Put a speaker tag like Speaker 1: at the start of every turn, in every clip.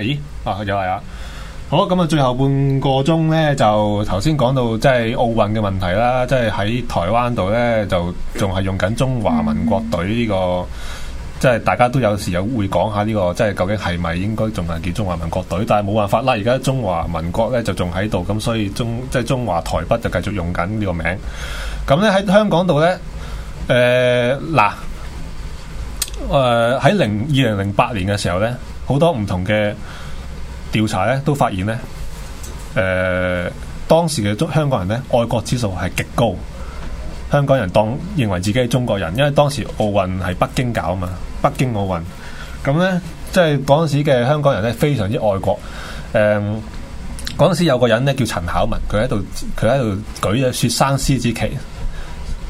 Speaker 1: 咦，啊又係啊！好，咁啊，最後半個鐘呢，就頭先講到即係奧運嘅問題啦，即係喺台灣度呢，就仲係用緊中華民國隊呢個，即係大家都有時有會講下呢個，即係究竟係咪應該仲係叫中華民國隊？但係冇辦法啦，而家中華民國呢，就仲喺度，咁所以中即係中華台北就繼續用緊呢個名。咁呢，喺香港度呢，誒嗱，誒喺零二零零八年嘅時候呢。好多唔同嘅調查咧，都發現咧，誒、呃、當時嘅中香港人咧，愛國指數係極高，香港人當認為自己係中國人，因為當時奧運係北京搞啊嘛，北京奧運。咁咧，即係嗰時時嘅香港人咧，非常之愛國。誒、呃，嗰、嗯、時有個人咧叫陳巧文，佢喺度佢喺度舉咗雪山獅子旗。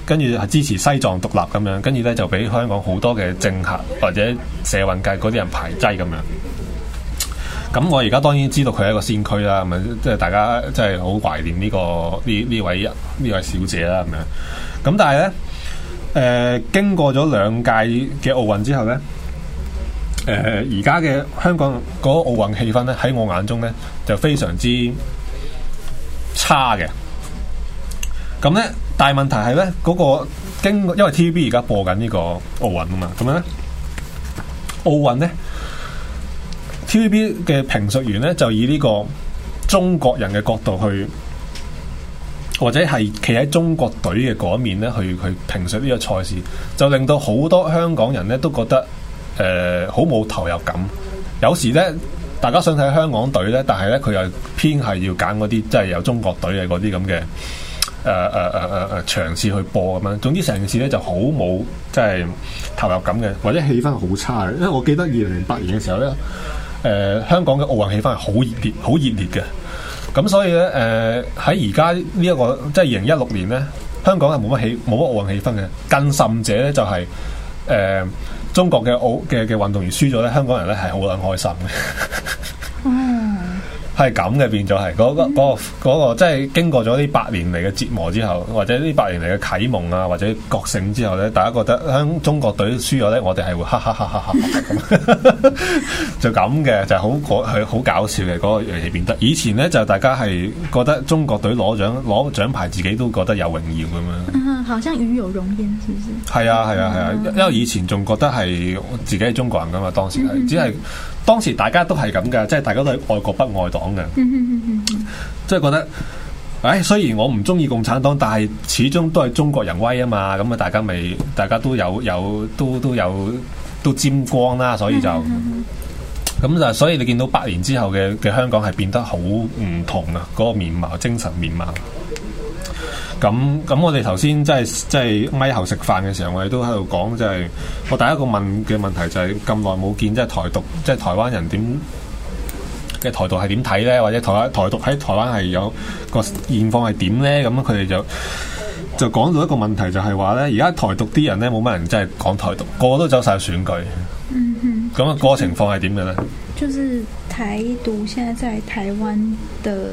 Speaker 1: 跟住係支持西藏獨立咁樣，跟住咧就俾香港好多嘅政客或者社運界嗰啲人排擠咁樣。咁我而家當然知道佢係一個先驅啦，係咪？即係大家真係好懷念呢、呢個呢呢位呢位小姐啦咁樣。咁但係咧，誒、呃、經過咗兩屆嘅奧運之後咧，誒而家嘅香港嗰個奧運氣氛咧喺我眼中咧就非常之差嘅。咁咧。大問題係呢嗰個，因為 TVB 而家播緊呢個奧運啊嘛，咁樣呢，奧運呢，TVB 嘅評述員呢，就以呢個中國人嘅角度去，或者係企喺中國隊嘅嗰一面呢，去去評述呢個賽事，就令到好多香港人呢都覺得誒好冇投入感。有時呢，大家想睇香港隊呢，但係呢，佢又偏係要揀嗰啲，即係有中國隊嘅嗰啲咁嘅。誒誒誒誒誒，嘗試去播咁樣，總之成件事咧就好冇即係投入感嘅，或者氣氛好差嘅。因為我記得二零零八年嘅時候咧，誒、呃、香港嘅奧運氣氛係好熱烈、好熱烈嘅。咁所以咧、呃，誒喺而家呢一個即係二零一六年咧，香港係冇乜氣、冇乜奧運氣氛嘅。更甚者咧、就係，就係誒中國嘅奧嘅嘅運動員輸咗咧，香港人咧係好撚開心嘅。嗯。係咁嘅變咗係嗰個嗰個個，即係經過咗呢八年嚟嘅折磨之後，或者呢八年嚟嘅啟蒙啊，或者覺醒之後咧，大家覺得喺中國隊輸咗咧，我哋係會哈哈哈哈哈咁， 就咁嘅就好好搞笑嘅嗰個遊戲變得。以前咧就大家係覺得中國隊攞獎攞獎牌，自己都覺得有榮耀咁樣。好像與有榮焉，是不是？係啊，係啊，係啊，因為以前仲覺得係自己係中國人噶嘛，當時係只係當時大家都係咁噶，即係大家都係愛國不愛黨嘅，即 係覺得，唉，雖然我唔中意共產黨，但係始終都係中國人威啊嘛，咁啊，大家咪大家都有有都都有都沾光啦，所以就咁就， 所以你見到百年之後嘅嘅香港係變得好唔同啊，嗰、那個面貌、精神面貌。咁咁，我哋頭先即係即係咪後食飯嘅時候，我哋都喺度講，即係我第一個問嘅問題就係咁耐冇見，即係台獨，即係台灣人點嘅台獨係點睇咧？或者台灣台獨喺台灣係有個現況係點咧？咁佢哋就就講到一個問題就，就係話咧，而家台獨啲人咧冇乜人真係講台獨，個個都走晒選舉。咁、嗯哼那個情況係點嘅咧？
Speaker 2: 就是台獨現在在台灣的。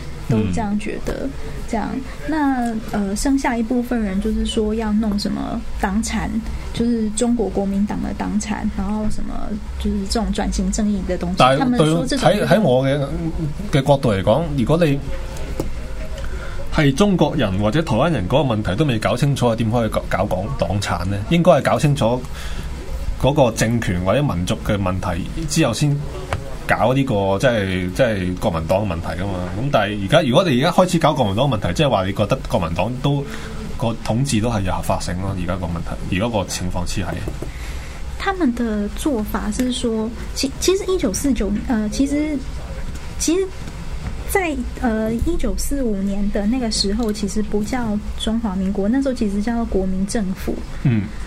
Speaker 2: 都這樣覺得、嗯，這樣，那，呃，剩下一部分人就是說要弄什麼黨產，就是中國國民黨的黨產，然後什麼，就是這種轉型正義的東西。但他但係喺在我
Speaker 1: 的嘅、嗯、角度來講，如果你係中國人或者台灣人嗰個問題都未搞清楚，點可以搞搞港黨產呢？應該係搞清楚嗰個政權或者民族嘅問題之後先。搞呢、這個即係即係國民黨嘅問題噶嘛？咁但係而家如果你而家開始搞國民黨嘅問題，即係話你覺得國民黨都個統治都係有合法性咯？而家個問題，而家個情況似係。
Speaker 2: 他們的做法是說，其其實一九四九，呃，其實其實在，在呃一九四五年的那個時候，其實不叫中華民國，那時候其實叫國民政府。
Speaker 3: 嗯。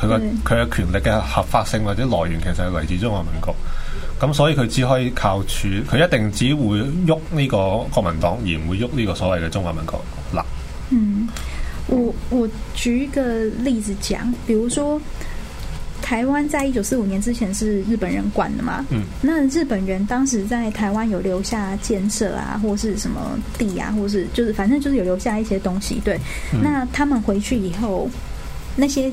Speaker 1: 佢個佢嘅權力嘅合法性或者來源其實係來自中華民國，咁所以佢只可以靠處，佢一定只會喐呢個國民黨，而唔會喐呢個所謂嘅中華民國。嗱，嗯，
Speaker 2: 我我舉一個例子講，比如說，台灣在一九四五年之前是日本人管嘅嘛，嗯，那日本人當時在台灣有留下建設啊，或者係什麼地啊，或是就是反正就是有留下一些東西，對，那他們回去以後，那些。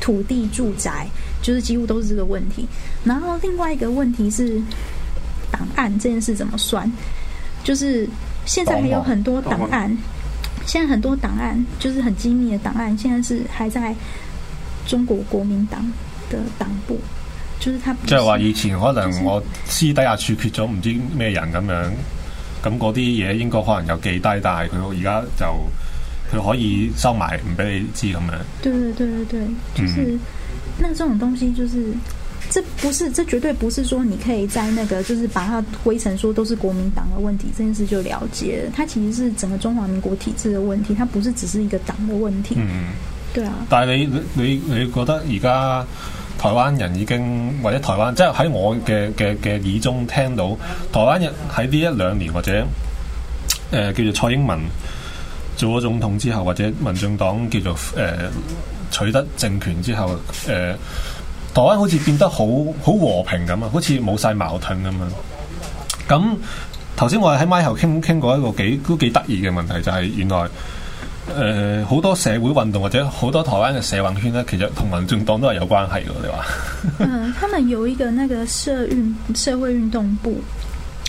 Speaker 2: 土地住宅就是幾乎都是這個問題。然後另外一個問題是檔案這件事怎麼算？就是現在還有很多檔案，現在很多檔案就是很機密的檔案，現在是還在中國國民黨的黨部，就是他。即係話以前可能我
Speaker 1: 私底下處決咗唔知咩人咁樣，咁嗰啲嘢應該可能有記低，但係佢而家就。佢可以收埋，唔俾你知咁樣。對
Speaker 2: 對對對對，就是、嗯，那這種東西就是，這不是，這絕對不是說你可以在那個，就是把它歸成說都是國民黨的問題，這件事就了解。它其實是整個中華民國體制的問題，它不是只是一個黨的問題。嗯，對啊。
Speaker 1: 但係你你你覺得而家台灣人已經或者台灣，即係喺我嘅嘅嘅耳中聽到台灣人喺呢一兩年或者，誒、呃，叫做蔡英文，做咗總統之後，或者民進黨叫做誒、呃、取得政權之後，誒、呃、台灣好似變得好好和平咁啊，好似冇晒矛盾咁啊。咁頭先我係喺麥後傾傾過一個幾都幾得意嘅問題，就係、是、原來誒好、呃、多社會運動或者好多台灣嘅社運圈咧，其實同民進黨都係有關係嘅。你話？
Speaker 2: 嗯，他們有一個那個社運社會運動部。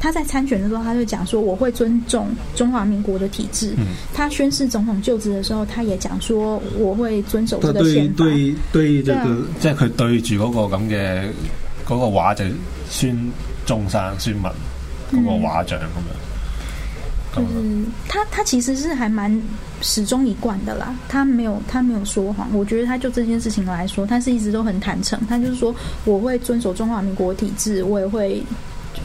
Speaker 2: 他在參選的時候，他就講說我會尊重中華民國的體制。嗯、他宣誓總統就職的時候，他也講說我會遵守這個憲法。
Speaker 1: 對對對對，即係佢對住嗰、啊就是那個咁嘅嗰個畫就孫中山孫文嗰個畫像咁樣。就是
Speaker 2: 他他其實是還蠻始終一貫的啦，他沒有他沒有說謊。我覺得他就這件事情來說，他是一直都很坦誠。他就是說我會遵守中華民國體制，我也會。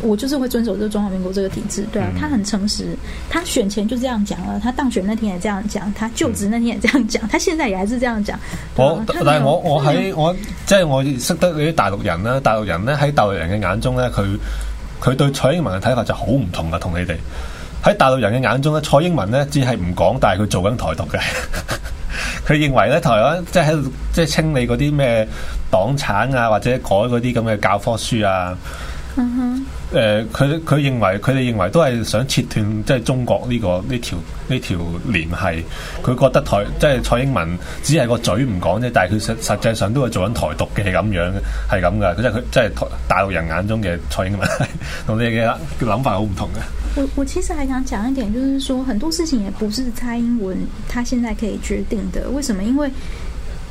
Speaker 2: 我就是會遵守這中華民國這個體制，對啊，他很誠實，他選前就這樣講啊。他當選那天也這樣講，他就職那天也這樣講，他現在也還是這樣講、嗯。但係我我喺我
Speaker 1: 即係、就是、我識得嗰啲大陸人啦。大陸人咧喺大陸人嘅眼中咧，佢佢對蔡英文嘅睇法就好唔同啊。同你哋喺大陸人嘅眼中咧，蔡英文咧只係唔講，但係佢做緊台獨嘅，佢 認為咧台灣即係喺度即係清理嗰啲咩黨產啊，或者改嗰啲咁嘅教科書啊。嗯哼，誒、呃，佢佢認為，佢哋認為都係想切斷即係中國呢，這個呢條呢條聯繫。佢，這個這個，覺得台即係、就是，蔡英文只係個嘴唔講啫，但係佢實實際上都係做緊台獨嘅，係咁樣嘅，係咁噶。佢即係佢即係大陸人眼中嘅蔡英文， 你同你嘅諗法好唔同嘅。
Speaker 2: 我我其實還想講一點，就是說很多事情也不是蔡英文他現在可以決定的。為什麼？因為。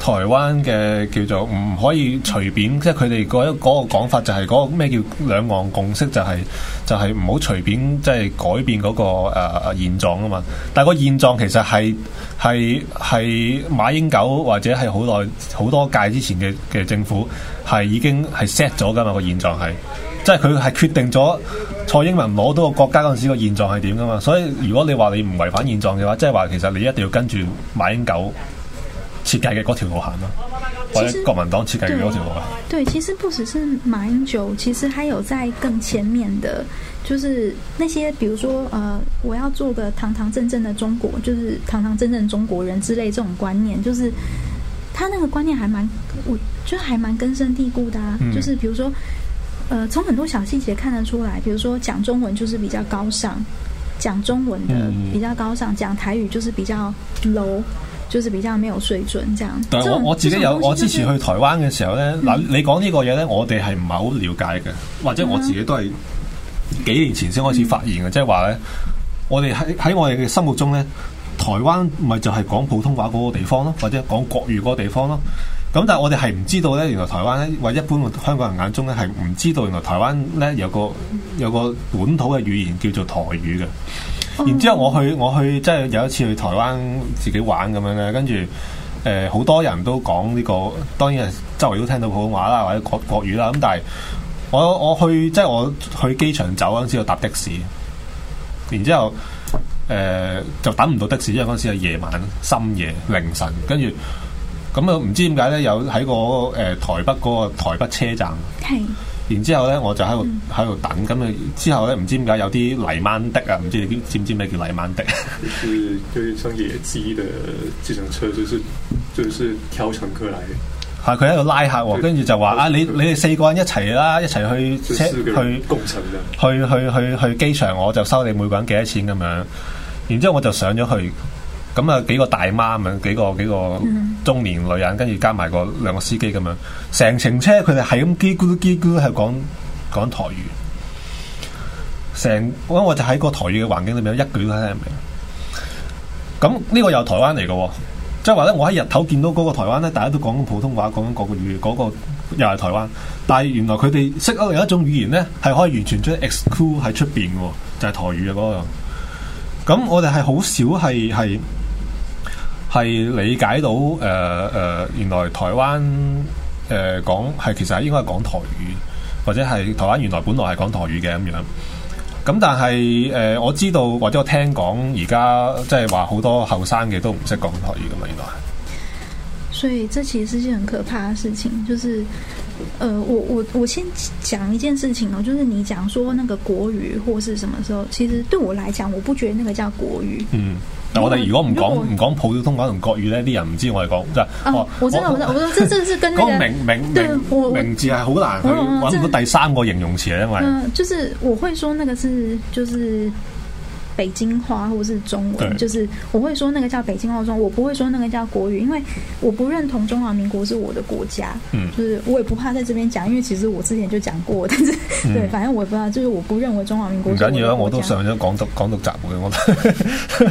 Speaker 1: 台灣嘅叫做唔可以隨便，即係佢哋嗰一嗰個講法就係嗰個咩叫兩岸共識、就係，就係就係唔好隨便即係改變嗰、嗰個誒、呃、現狀啊嘛。但係個現狀其實係係係馬英九或者係好耐好多屆之前嘅嘅政府係已經係 set 咗噶嘛、嗰個現狀係，即係佢係決定咗蔡英文攞到個國家嗰陣時嗰個現狀係點啊嘛。所以如果你話你唔違反現狀嘅話，即係話其實你一定要跟住馬英九。設計嘅嗰條路線咯，或者國民黨設計
Speaker 2: 嘅嗰條路線。對，其實不只是馬英九，其實還有在更前面的，就是那些，比如說，呃，我要做個堂堂正正的中國，就是堂堂正正中國人之類這種觀念，就是他那個觀念，還蠻，我，就還蠻根深蒂固的啊。就是，比如說，呃，從很多小細節看得出來，比如說，講中文就是比較高尚，講中文的比較高尚，講台語就是比較 low。就是比較沒有水準，這樣。但我我自己有、就是、我之前去
Speaker 1: 台灣嘅時候呢，嗱、嗯、你講呢個嘢呢，我哋係唔係好了解嘅，或者我自己都係幾年前先開始發現嘅，即係話呢，我哋喺喺我哋嘅心目中呢，台灣咪就係講普通話嗰個地方咯，或者講國語嗰個地方咯。咁但係我哋係唔知道呢，原來台灣呢，或一般香港人眼中呢，係唔知道，原來台灣呢有個有個本土嘅語言叫做台語嘅。然之後我去我去即係有一次去台灣自己玩咁樣咧，跟住誒好多人都講呢個，當然係周圍都聽到普通話啦，或者國國語啦。咁但係我我去即係我去機場走嗰陣時要搭的士，然之後誒就等唔到的士，因為嗰陣時係夜晚、深夜、凌晨，跟住咁啊唔知點解咧，有喺個誒台北嗰個台北車站。然之後咧，我就喺度喺度等，咁啊之後咧，唔知點解有啲泥鯭的啊，唔知你知唔知咩叫泥鯭的、啊？就是叫啲野雞的自行車就是就是挑乘客嚟。係佢喺度拉客喎，跟住就話啊，你你哋四個人一齊啦，一齊去車、就是共乘嘅、去去去去機場，我就收你每個人幾多錢咁樣。然之後我就上咗去。咁啊，幾個大媽咁樣，幾個幾個中年女人，跟住加埋個兩個司機咁樣，成程車佢哋係咁嘰咕嘰咕係講講台語。成我我就喺個台語嘅環境裏面，一句都聽唔明。咁呢個又係台灣嚟嘅喎。即係話呢，我喺日頭見到嗰個台灣呢，大家都講緊普通話，講緊嗰個語言，嗰、那個又係台灣。但係原來佢哋識咗有一種語言呢，係可以完全將 exclude 喺出面嘅，就係、是、台語嘅嗰、那個。咁我哋係好少係係。係理解到誒誒、呃呃，原來台灣誒、呃、講係其實應該是講台語，或者係台灣原來本來係講台語嘅咁樣。咁但係誒、呃，我知道或者我聽講而家即係話好多後生嘅都唔識講台語㗎嘛，原來。
Speaker 2: 所以，這其實係件很可怕嘅事情。就是，誒、呃，我我我先講一件事情咯，就是你講說那個國語或係什麼時候，其實對我嚟講，我不覺得那個叫國語。嗯。
Speaker 1: 我哋如果唔講唔講普通話同國語，呢啲人唔知我哋講就，我我我，嗰個名名名名字係好難去揾到第三個形容詞咧，因、啊、為，嗯、
Speaker 2: 呃，就是我會說那個是就是北京話，或是中文，就是我會說那個叫北京話、中文，我不會說那個叫國語，因為我不認同中華民國是我的國家，嗯，就是我也不怕在這邊講，因為其實我之前就講過，但是、嗯，對，反正我也不怕，就是我不認為中華民國緊要啦，我都
Speaker 1: 上咗港獨港獨集會，我都。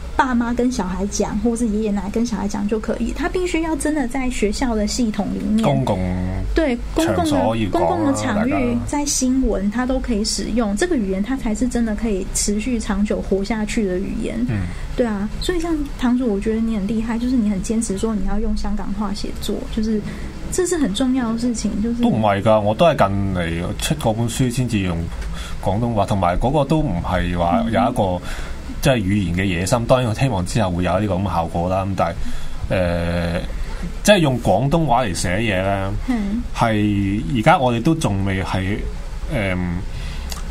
Speaker 2: 爸媽跟小孩講，或者是爺爺奶奶跟小孩講就可以。他必須要真的在學校的系統裏面，公共對公共的、啊、公共的場域，在新聞他都可以使用這個語言，它才是真的可以持續長久活下去的語言。嗯，對啊，所以像堂主，我覺得你很厲害，就是你很堅持說你要用香港話寫作，就是這是很重要的事情。就是都
Speaker 1: 唔係㗎，我都係近嚟出嗰本書先至用廣東話，同埋嗰個都唔係話有一個。嗯。即、就、係、是、語言嘅野心，當然我希望之後會有呢個咁嘅效果啦。咁但係誒，即、呃、係、就是、用廣東話嚟寫嘢咧，係而家我哋都仲未係誒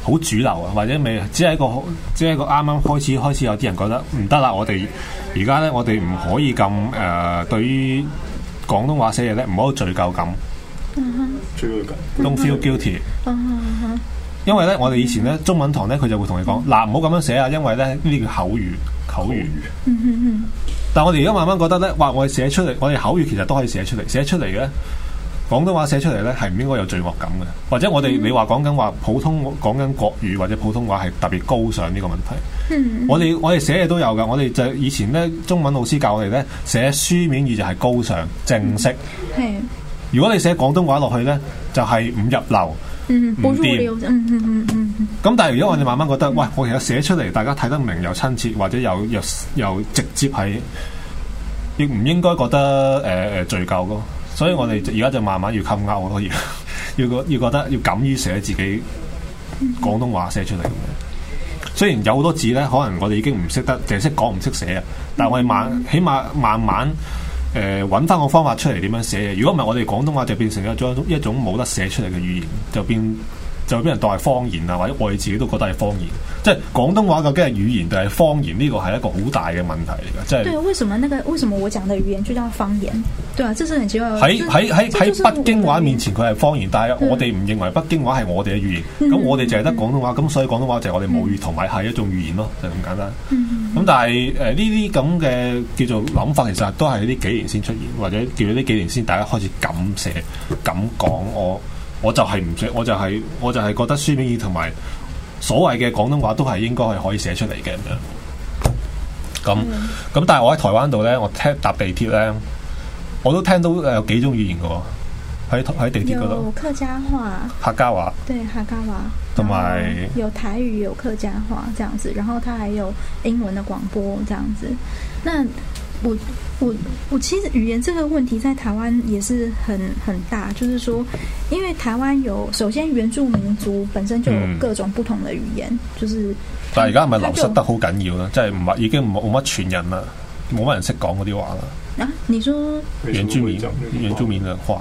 Speaker 1: 好主流啊，或者未只係一個只係一個啱啱開始開始有啲人覺得唔得啦。我哋而家咧，我哋唔可以咁誒、呃、對於廣東話寫嘢咧，唔好有罪疚感，嗯
Speaker 3: 哼，罪疚
Speaker 1: 感，Don't feel guilty，mm-hmm.
Speaker 3: Mm-hmm.
Speaker 1: 因為咧，我哋以前咧中文堂咧，佢就會同你講嗱，唔好咁樣寫啊，因為咧呢啲叫口語，口語。嗯嗯嗯、但我哋而家慢慢覺得咧，話我哋寫出嚟，我哋口語其實都可以寫出嚟，寫出嚟嘅廣東話寫出嚟咧係唔應該有罪惡感嘅，或者我哋、嗯、你話講緊話普通講緊國語或者普通話係特別高尚呢個問題。嗯嗯、我哋我哋寫嘢都有噶，我哋就以前咧中文老師教我哋咧寫書面語就係高尚正式。係、嗯。如果你寫廣東話落去咧，就係、是、唔入流。咁但係如果我哋慢慢覺得，嗯、喂，我而家寫出嚟，大家睇得明又親切，或者又又又直接，係亦唔應該覺得誒誒罪疚咯？所以我哋而家就慢慢我要襟拗，可以要覺要，要覺得要敢於寫自己廣東話寫出嚟。雖然有好多字咧，可能我哋已經唔識得，淨係識講唔識寫啊，但係我哋慢，起碼慢慢。誒，揾翻個方法出嚟點樣寫嘢？如果唔係，我哋廣東話就變成一種一種冇得寫出嚟嘅語言，就變。就俾人當係方言啊，或者我哋自己都覺得係方言，即係廣東話究竟係語言定係方言？呢個係一個好大嘅問題嚟嘅。即係
Speaker 2: 對，為什麼那個為什麼我講嘅語言就叫方言？對啊，即係很奇怪。喺喺
Speaker 1: 喺北京話面前，佢係方言，但係我哋唔認為北京話係我哋嘅語言。咁我哋淨係得廣東話，咁所以廣東話就係我哋母語，同埋係一種語言咯，就咁簡單。嗯。咁但係誒呢啲咁嘅叫做諗法，其實都係呢幾年先出現，或者叫呢幾年先大家開始敢寫、敢講我。我就係唔寫，我就係、是、我就係覺得書面語同埋所謂嘅廣東話都係應該係可以寫出嚟嘅，咁咁。但係我喺台灣度呢，我聽搭地鐵呢，我都聽到有幾種語言嘅喎。喺喺地鐵嗰度，
Speaker 2: 客家話、客家話，對，客家話同埋有台語有客家話，家話啊、家話這樣子。然後佢還有英文的廣播，這樣子。我我我其實語言這個問題在台灣也是很很大，就是說，因為台灣有首先原住民族本身就有各種不同的語言，嗯、就是。但而家係咪流失得
Speaker 1: 好緊要啦，即係唔係已經冇乜傳人啦，冇乜人識講嗰啲話啦。
Speaker 2: 啊，你說原住民原
Speaker 1: 住民嘅話。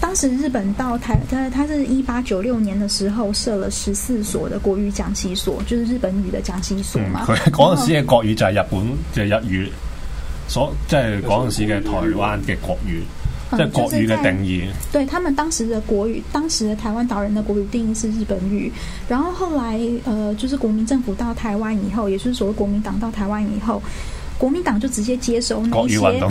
Speaker 2: 當時日本到台，他它是一八九六年的時候設了十四所的國語講習所，就是日本語的講習所嘛。對、嗯，嗰陣時嘅
Speaker 1: 國語就係日本就是日語，所即係嗰陣時嘅台灣嘅國
Speaker 3: 語，即、就、
Speaker 2: 係、是、國語嘅定義。嗯、就是、對他們當時的國語，當時的台灣島人的國語定義是日本語。然後後來，呃，就是國民政府到台灣以後，也就是所謂國民黨到台灣以後，國民黨就直接接收那一些國語運動。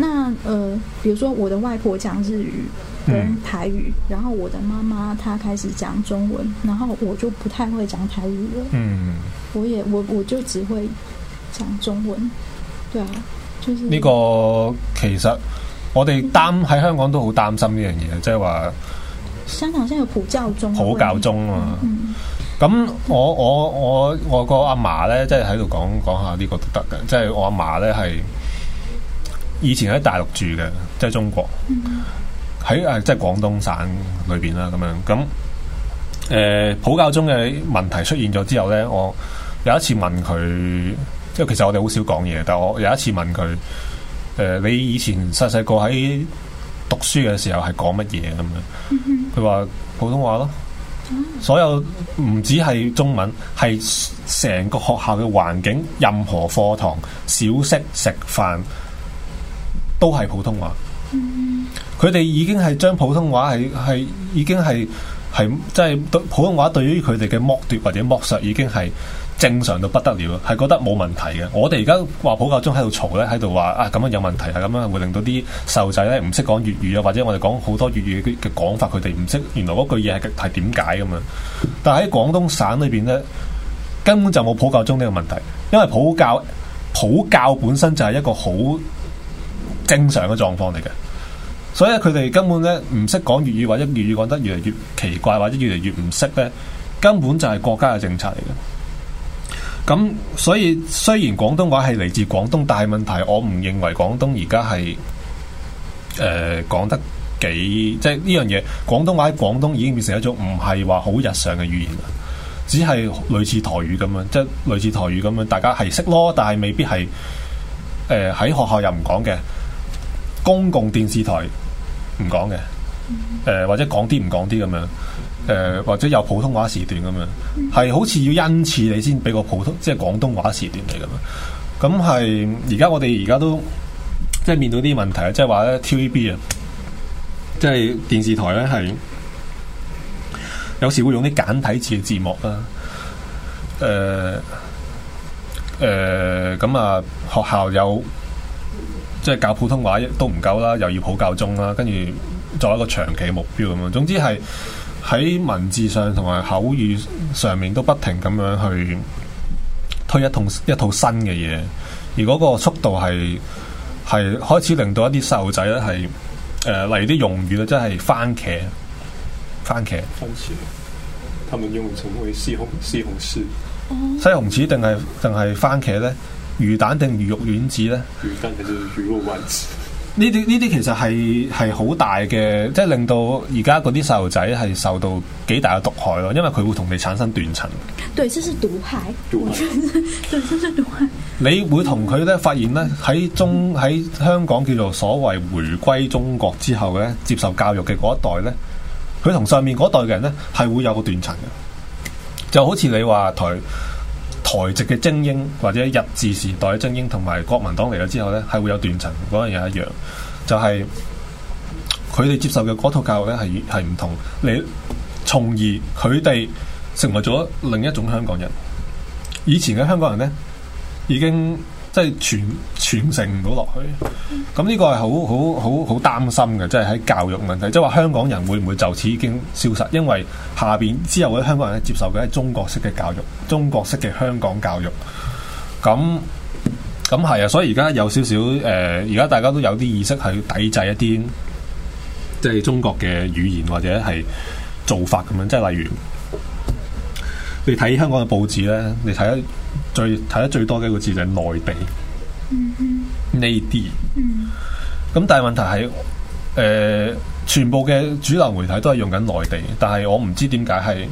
Speaker 2: 那，呃，比如說我的外婆講日語跟台語，嗯、然後我的媽媽她開始講中文，然後我就不太會講台語了。嗯，我也我我就只會講中文，對啊，就是呢、這個
Speaker 1: 其實我哋擔喺香港都好擔心呢樣嘢，即係話
Speaker 2: 香港先有普教中，普教
Speaker 1: 中啊。咁、嗯嗯、我我我我個阿嫲咧，即係喺度講講下呢個都得㗎，即、就、係、是、我阿嫲咧係。以前喺大陸住嘅，即係中國，喺誒即係廣東省裏邊啦，咁樣咁誒普教中嘅問題出現咗之後呢，我有一次問佢，即係其實我哋好少講嘢，但我有一次問佢誒，你以前細細個喺讀書嘅時候係講乜嘢咁樣？佢話普通話咯，所有唔止係中文，係成個學校嘅環境，任何課堂、小息、食飯，都係普通話，佢哋已經係將普通話係係已經係係即係普通話對於佢哋嘅剝奪或者剝削已經係正常到不得了，係覺得冇問題嘅。我哋而家話普教中喺度嘈咧，喺度話啊，咁樣有問題啊，咁樣會令到啲細路仔咧唔識講粵語啊，或者我哋講好多粵語嘅講法，佢哋唔識原來嗰句嘢係係點解咁啊？但喺廣東省裏邊咧，根本就冇普教中呢個問題，因為普教普教本身就係一個好正常嘅狀況嚟嘅，所以佢哋根本咧唔識講粵語，或者粵語講得越嚟越奇怪，或者越嚟越唔識咧，根本就係國家嘅政策嚟嘅。咁所以雖然廣東話係嚟自廣東，但係問題我唔認為廣東而家係誒講得幾即係呢樣嘢。廣東話喺廣東已經變成一種唔係話好日常嘅語言啦，只係類似台語咁樣，即係類似台語咁樣，大家係識咯，但係未必係誒喺學校又唔講嘅。公共電視台唔講嘅，誒、呃、或者講啲唔講啲咁樣，誒、呃、或者有普通話時段咁樣，係好似要恩賜你先俾個普通，即係廣東話時段嚟咁。咁係而家我哋而家都即係面對啲問題啊，即係話咧 TVB 啊，即係電視台咧係有時會用啲簡體字嘅字幕啦，誒誒咁啊學校有。即係教普通話都唔夠啦，又要普教中啦，跟住做一個長期目標咁樣。總之係喺文字上同埋口語上面都不停咁樣去推一套一套新嘅嘢，而嗰個速度係係開始令到一啲細路仔咧係誒例如啲用語咧，即係番茄、番茄、番茄，他們用成為西紅、西紅柿、西紅柿定係定係番茄咧？魚蛋定魚肉丸子呢？
Speaker 3: 魚蛋係魚肉丸子。
Speaker 1: 呢啲呢啲其實係係好大嘅，即係令到而家嗰啲細路仔係受到幾大嘅毒害咯。因為佢會同你產生斷層。
Speaker 2: 對，即係毒害。即係
Speaker 1: 毒害。你會同佢呢發現呢，喺中喺香港叫做所謂回歸中國之後呢，接受教育嘅嗰一代呢，佢同上面嗰代嘅人呢係會有個斷層嘅。就好似你話佢。台籍嘅精英或者日治時代嘅精英同埋國民黨嚟咗之後呢，係會有斷層嗰樣嘢一樣，就係佢哋接受嘅嗰套教育呢，係係唔同，你從而佢哋成為咗另一種香港人。以前嘅香港人呢，已經。即係傳傳承唔到落去，咁呢個係好好好好擔心嘅，即係喺教育問題，即係話香港人會唔會就此已經消失？因為下邊之後嘅香港人咧接受嘅係中國式嘅教育，中國式嘅香港教育。咁咁係啊，所以而家有少少誒，而家大家都有啲意識去抵制一啲即係中國嘅語言或者係做法咁樣，即係例如你睇香港嘅報紙咧，你睇。最睇得最多嘅一個字就係內地，內、mm-hmm. 地。咁、mm-hmm. 但係問題係，誒、呃，全部嘅主流媒體都係用緊內地，但係我唔知點解係，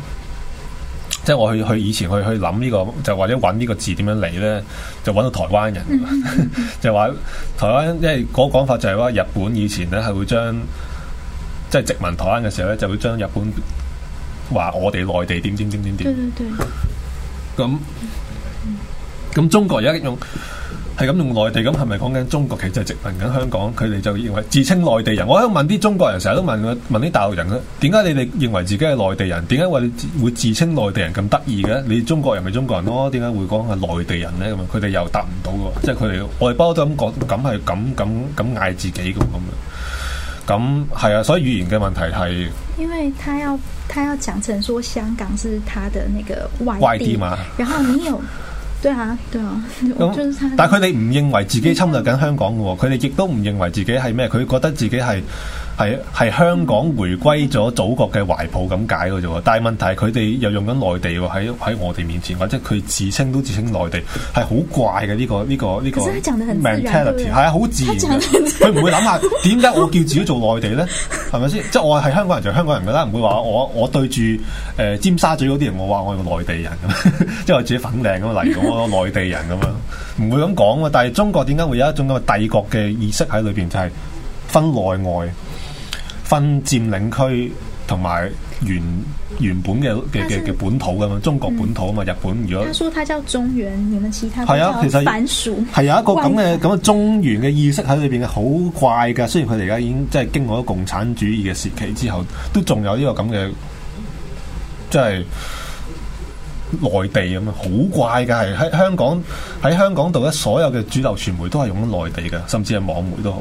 Speaker 1: 即係我去去以前去去諗呢個，就或者搵呢個字點樣嚟呢，就搵到台灣人，mm-hmm. 就話台灣，因為嗰個講法就係話日本以前呢係會將，即係殖民台灣嘅時候呢，就會將日本話我哋內地點點點點點，咁。 咁中國而家用係咁用內地咁，係咪講緊中國其實係殖民緊香港？佢哋就認為自稱內地人。我喺度問啲中國人，成日都問問啲大陸人啦，點解你哋認為自己係內地人？點解會會自稱內地人咁得意嘅？你中國人咪中國人咯？點解會講係內地人咧？咁樣佢哋又答唔到喎。即係佢哋外包都咁講，咁係咁咁咁嗌自己咁樣。咁係啊，所以語言嘅問題係因
Speaker 2: 為他要他要講成，說香港是他的那個外地嘛。然後你有。 對啊，對啊，嗯，但佢
Speaker 1: 哋唔認為自己侵略緊香港嘅喎，哦，佢哋亦都唔認為自己係咩，佢覺得自己係。係係香港回歸咗祖國嘅懷抱咁解嘅啫喎，但係問題係佢哋又用緊內地喎，喺喺我哋面前，或者佢自稱都自稱內地係好怪嘅呢、呢個呢、呢個呢個 mentality 係啊，好自然佢唔會諗下點解 我叫自己做內地咧？係咪先？即係我係香港人就係、香港人㗎啦，唔會話我我對住誒尖沙咀嗰啲人我話我係個內地人咁， 即係我自己粉嶺咁嚟講我內地人咁樣，唔會咁講喎。但係中國點解會有一種咁嘅帝國嘅意識喺裏邊，就係、係、分內外。分佔領區同埋原原本嘅嘅嘅本土噶嘛，中國本土啊嘛、嗯，日本如果，佢話
Speaker 2: 佢叫中原，其他係啊，其實反蜀係有一個咁嘅
Speaker 1: 咁嘅中原嘅意識喺裏邊嘅，好怪噶。雖然佢哋而家已經即係經過咗共產主義嘅時期之後，都仲有呢個咁嘅，即係內地咁啊，好怪嘅。係喺香港喺香港度咧，所有嘅主流傳媒都係用緊內地嘅，甚至係網媒都好。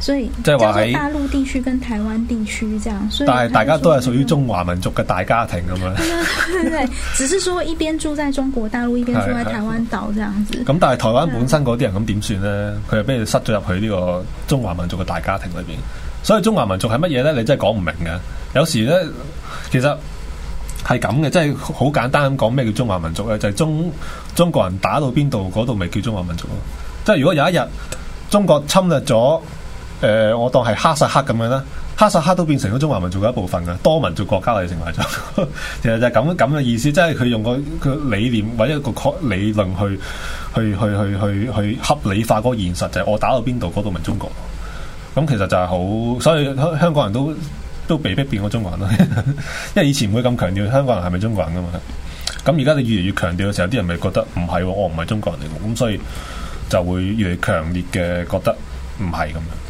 Speaker 2: 所以即係話喺大陸地區跟台灣地區，這樣但係大家都係屬
Speaker 1: 於中華民族嘅大家庭咁樣。
Speaker 2: 只是說一邊住在中國大陸，一邊住在台灣島這樣子。
Speaker 1: 咁但係台灣本身嗰啲人咁點算呢？佢係俾你塞咗入去呢個中華民族嘅大家庭裏邊。所以中華民族係乜嘢呢？你真係講唔明嘅。有時咧，其實係咁嘅，即係好簡單咁講咩叫中華民族咧，就係、是、中中國人打到邊度嗰度，咪叫中華民族咯。即係如果有一日中國侵略咗。誒、呃，我當係哈薩克咁樣啦，哈薩克都變成咗中華民族嘅一部分嘅多民族國家嚟成為咗，其實就係咁咁嘅意思，即係佢用個理念或者一個理論去去去去去去合理化嗰個現實，就係、是、我打到邊度嗰度咪中國咯。咁其實就係好，所以香港人都都被逼變咗中國人咯，因為以前唔會咁強調香港人係咪中國人噶嘛。咁而家你越嚟越強調嘅時候，啲人咪覺得唔係喎，我唔係中國人嚟嘅，咁所以就會越嚟強烈嘅覺得唔係咁樣。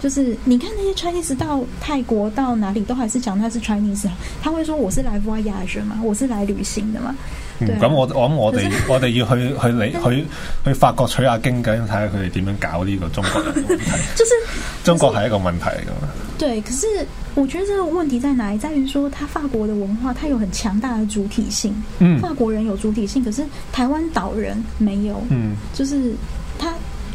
Speaker 2: 就是你看那些 Chinese 到泰國到哪裡都還是講他是 Chinese，他會說我是來 y a 玩亞姐嘛，我是來旅行的嘛。對啊，嗯嗯嗯、
Speaker 1: 我我諗我哋 我哋要去去理去去法國取下、啊、經，咁樣睇下佢哋點樣搞呢個中國人嘅問題。 就是、就是、中國係一個問題嚟噶嘛？
Speaker 2: 對，可是我覺得這個問題在哪裡？在於說，他法國的文化，他有很強大的主體性。嗯，法國人有主體性，可是台灣島人沒有。嗯，就是。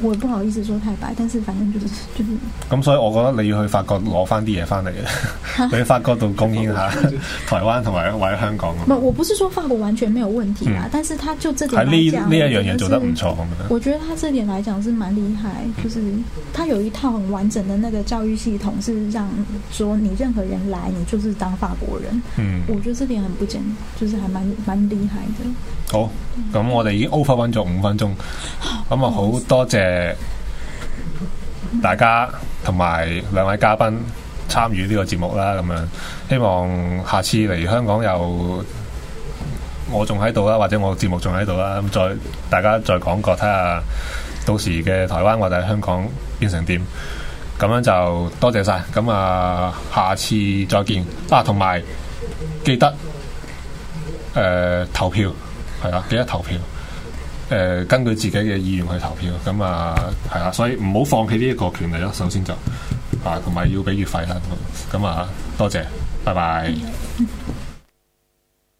Speaker 2: 我不好意思說太白，但是反正就是就
Speaker 1: 是咁、嗯，所以我覺得你要去法國攞翻啲嘢翻嚟， 你去法國度貢獻下台灣同埋或者香港。
Speaker 2: 我不是說法國完全沒有問題啊、嗯，但是他就這點來講，就是一樣嘢做得唔錯就是、我覺得他這點來講是蠻厲害、嗯，就是他有一套很完整的那個教育系統，是讓說你任何人來，你就是當法國人。嗯，我覺得這點很不簡單，就是還蠻蠻厲害的。
Speaker 1: 好、哦。咁我哋已經 over 溫咗五分鐘，咁啊好多謝大家同埋兩位嘉賓參與呢個節目啦。咁樣希望下次嚟香港又我仲喺度啦，或者我節目仲喺度啦，咁再大家再講過睇下，看看到時嘅台灣或者香港變成點。咁樣就多謝晒，咁啊下次再見。啊，同埋記得誒、呃、投票。係啦，記得投票，誒、呃，根據自己嘅意願去投票，咁啊，係啦，所以唔好放棄呢一個權利咯。首先就啊，同埋要俾月費啦，咁啊，多謝，拜拜。Okay.